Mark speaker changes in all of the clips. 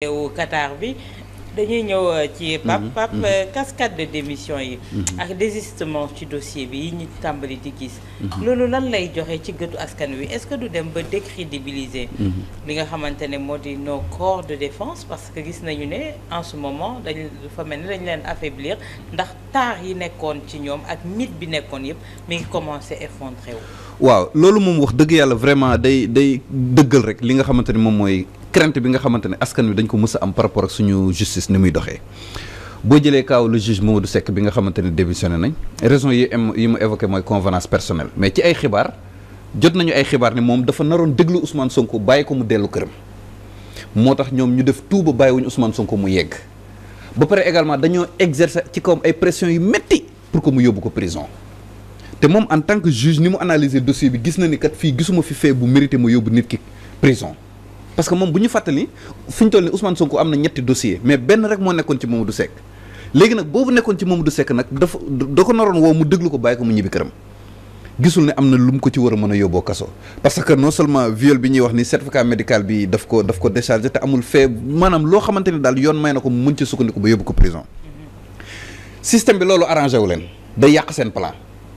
Speaker 1: réewu Qatar bi dañuy ñëw euh, ci pap mhm, pap mhm. euh, cascade de démission yi mhm. ak désistement ci dossier bi yi ñu tàmbali di gis loolu lan lay joxe ci gëtu askan wi est-ce que du dem ba décrédibiliser li nga xamante ne moo di nos corps de défense parce que gis nañu ne en ce moment dañu fa mel ne dañu leen affaiblir ndax taar yi nekkoon ci ñoom ak mythe bi nekkoon yëpp mi ngi commencé effondré wu
Speaker 2: waaw loolu moom wax dëgg yàlla vraiment day day dëggal rek li nga xamante ne moom mooy crainte bi nga xamante ne askan wi dañ ko mës a am par rapport ak suñu justice ni muy doxee boo jëlee kaaw le juge Mamadou Seck bi nga xamante ne démissionné nañ raison yi am mu évoqué mooy convenance personnelle mais ci ay xibaar jot nañu ay xibaar ne moom dafa naroon déglu Ousmane Sonko bàyyi ko mu dellu këram moo tax ñoom ñu def tout ba bàyyiwuñu Ousmane Sonko mu yegg ba pare également dañoo exercer ci kawam ay pression yu métti pour que mu yóbbu ko prison te moom en tant que juge ni mu analyser dossier bi gis na ni fii gisuma fi fee bu mérité mu yóbbu nit ki prison parce que moom bu ñu fàttali fi ñu toll ni Ousmane Sonko am na ñetti dossier mais benn rek moo nekkoon ci Mamadou Seck léegi nag boobu nekkoon ci Mamadou Seck nag dafa da ko naroon woo mu déglu ko bàyyi ko mu ñibbi këram gisul ne am na lu mu ko ci war a mën a yóbboo kaso parce que non seulement viol bi ñuy wax ni certificat médical bi daf ko daf ko déchargé te amul fee maanaam loo xamante ni daal yoon may na ko mu mën ci sukkandiku ba yóbbu ko prison système bi loolu arrangé wu leen day yàq seen plan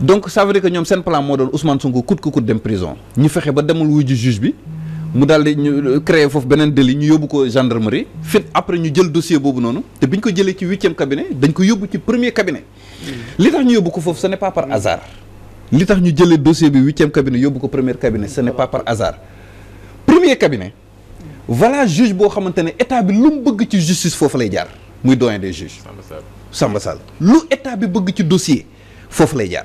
Speaker 2: donc ça veut dire ñoom seen plan moo doon Ousmane Sonko coûte que coûte dem prison ñu fexe ba demul wuy juge bi mu daal di ñu euh, créé foofu beneen délit ñu yóbbu ko gendarmerie fit après ñu jël dossier boobu noonu te bi ñu ko jëlee ci huitième cabinet dañ ko yóbbu ci premier cabinet mm. li tax ñu yóbbu ko foofu ce n'est pas par mm. hasard li tax ñu jëlee dossier bi huitième cabinet yóbbu ko premier cabinet ce n'est pas par hasard premier cabinet mm. voilà juge boo xamante ne état bi lu mu bëgg ci justice foofu lay jaar muy doyen des juges Samba Sall lu état bi bëgg ci dossier foofu lay jaar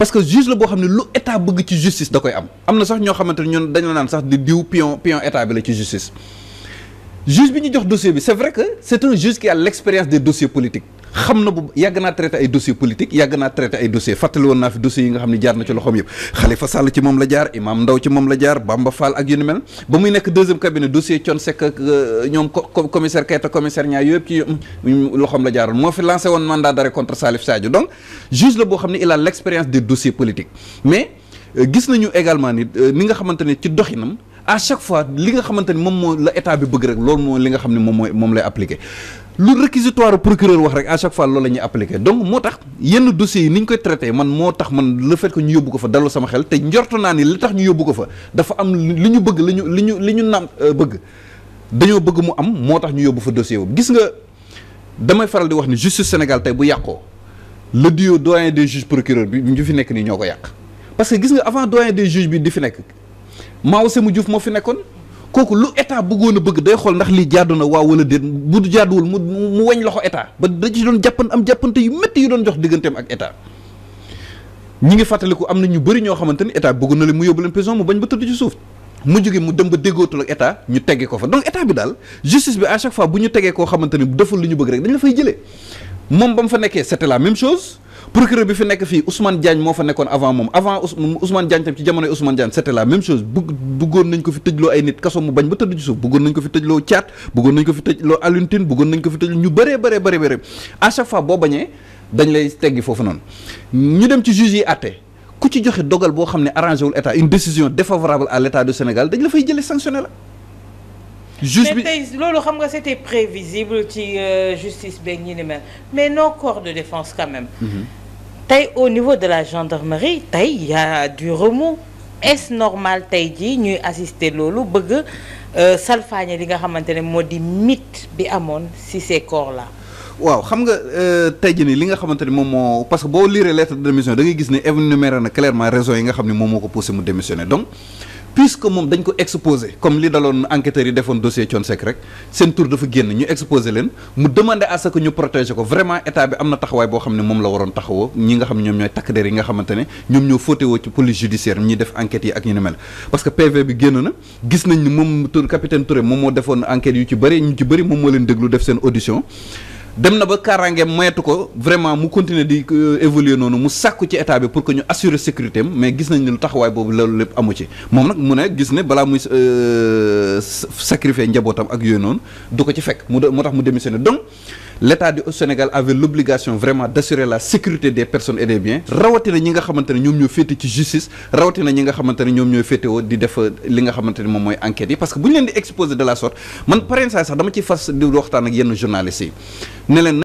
Speaker 2: parce que juge la boo xam ne lu état bëgg ci justice da koy am am na sax ñoo xamante ne ñun dañu naan sax di diw pion pion état bi la ci justice juge bi ñu jox dossier bi c'est vrai que c'est un juge qui a l'expérience des dossiers politiques xam na bu yàgg naa traité ay dossiers politiques yàgg naa traité ay dossiers fàttali woon naa fi dossiers yi nga xam ne jaar na ci loxoom yëpp Khalifa Sall ci moom la jaar Imam Ndaw ci moom la jaar Bamba Fall ak yu ni mel ba muy nekk dossier Thione ak euh, ñoom commissaire Keita commissaire ñaar yëpp ci mm, loxoom la jaaroon moo fi lancé woon mandat d'arrêt contre euh, euh, nga xamante ne ci doxinam à chaque fois li nga xamante ni moom moo la état bi bëgg rek loolu moo li nga xam ne moom mooy moom lay appliqué lu réquisitoire procureur wax rek à chaque fois loolu la ñuy appliqué donc moo tax yenn dossiers yi ni ñu koy traité man moo tax man le fait que ñu yóbbu ko fa daloo sama xel te njortu naa ni li tax ñu yóbbu ko fa dafa am li ñu bëgg li ñu li ñu li ñu naam euh, bëgg dañoo bëgg mu am moo tax ñu yóbbu fa dossier boobu gis nga damay faral di wax ni justice Sénégal tey bu yàqoo le duo doyen des juges bi ñu fi nekk nii ñoo ko yàq parce que gis nga avant doyen des juges bi di fi nekk Mao Sémou Diouf moo fi nekkoon kooku lu état bëggoon a bëgg day xool ndax li jaadu na waaw wala déet bu jaaduwul mu mu weñ loxo état ba da ci doon jàppan am jàppante yu métti doon jox digganteem ak état ñi ngi fàttaliku am na ñu bëri ñoo xamante ni état bëgg na mu yóbbu leen prison mu bañ ba tëdd mu jóge mu dem ñu tegge ko fa donc état bi daal à chaque fois bu ñu tegee koo xamante ni deful li ñu bëgg rek dañ la fay jëlee moom ba mu fa nekkee c'était la même chose procureur bi fi nekk fii Ousmane Diagne moo fa nekkoon avant moom avant Ousmane Diagne tam ci jamonoy Ousmane Diagne c'était la même chose bu bëggoon nañ ko fi tëjloo ay nit kaso mu bañ ba tëdd ci suuf bëggoon noonu ñu dem ci juge yi àtte ku ci joxe dogal boo xam ne arrangé wul état une décision défavorable à l'état du Sénégal dañ la fay jëlee sanctionné la
Speaker 1: juste bi tey loolu xam nga c'était prévisible ci euh, justice beeg ñi ni mel mais nos corps de défense quand tey au niveau de la gendarmerie tey y a du remous est-ce normal tey jii ñuy assister loolu bëgg euh, salfaañe li nga xamante ne moo di mythe bi amoon ci ces corps là.
Speaker 2: waaw xam nga euh, tey jii nii li nga xamante ni moom moo parce boo lire lettre de démission gis ne énuméré na clairement raison yi nga xam ne moom moo ko poussé mu démissionner donc. puisque moom dañ ko exposé comme li daloon enquêteurs yi defoon dossier Thione Seck rek seen tour dafa génn ñu exposé leen mu demandé à ce ñu protéger ko vraiment état bi am na taxawaay boo xam ne moom la waroon taxawoo ñi nga xam ñoom ñooy takk der yi nga xamante ne ñoom ñoo fóote woo ci police judiciaire ñi def enquêtes yi ak ñu ni mel parce que PV bi génn na gis nañ moom tur capitaine Touré moom moo defoon enquête yu ci bëri ñu ci bëri moom moo leen déglu dem na ba kaaraangeem moyetu ko vraiment mu continuer di euh, évoluer noonu mu sàkku ci état bi pour que ñu assurer sécurité mais gis nañ ne lu taxawaay boobu loolu lépp amu ci moom nag mu ne gis ne balaa muy euh, sacrifier njabootam ak yooyu noonu du ko ci fekk mu moo tax mu démissionné donc l'état du Sénégal avait l'obligation vraiment d'assurer la sécurité des personnes et des biens rawatina ñi nga xamante ne ñoom ñoo féete ci justice rawatina ñi nga xamante ne ñoom ñooy féetewoo di def euh, li nga xamante ne moom mooy enquêtes yi parce que bu ñu leen di exposer de la sorte man parrain saa sax dama ci fas di waxtaan ak yenn journalistes yi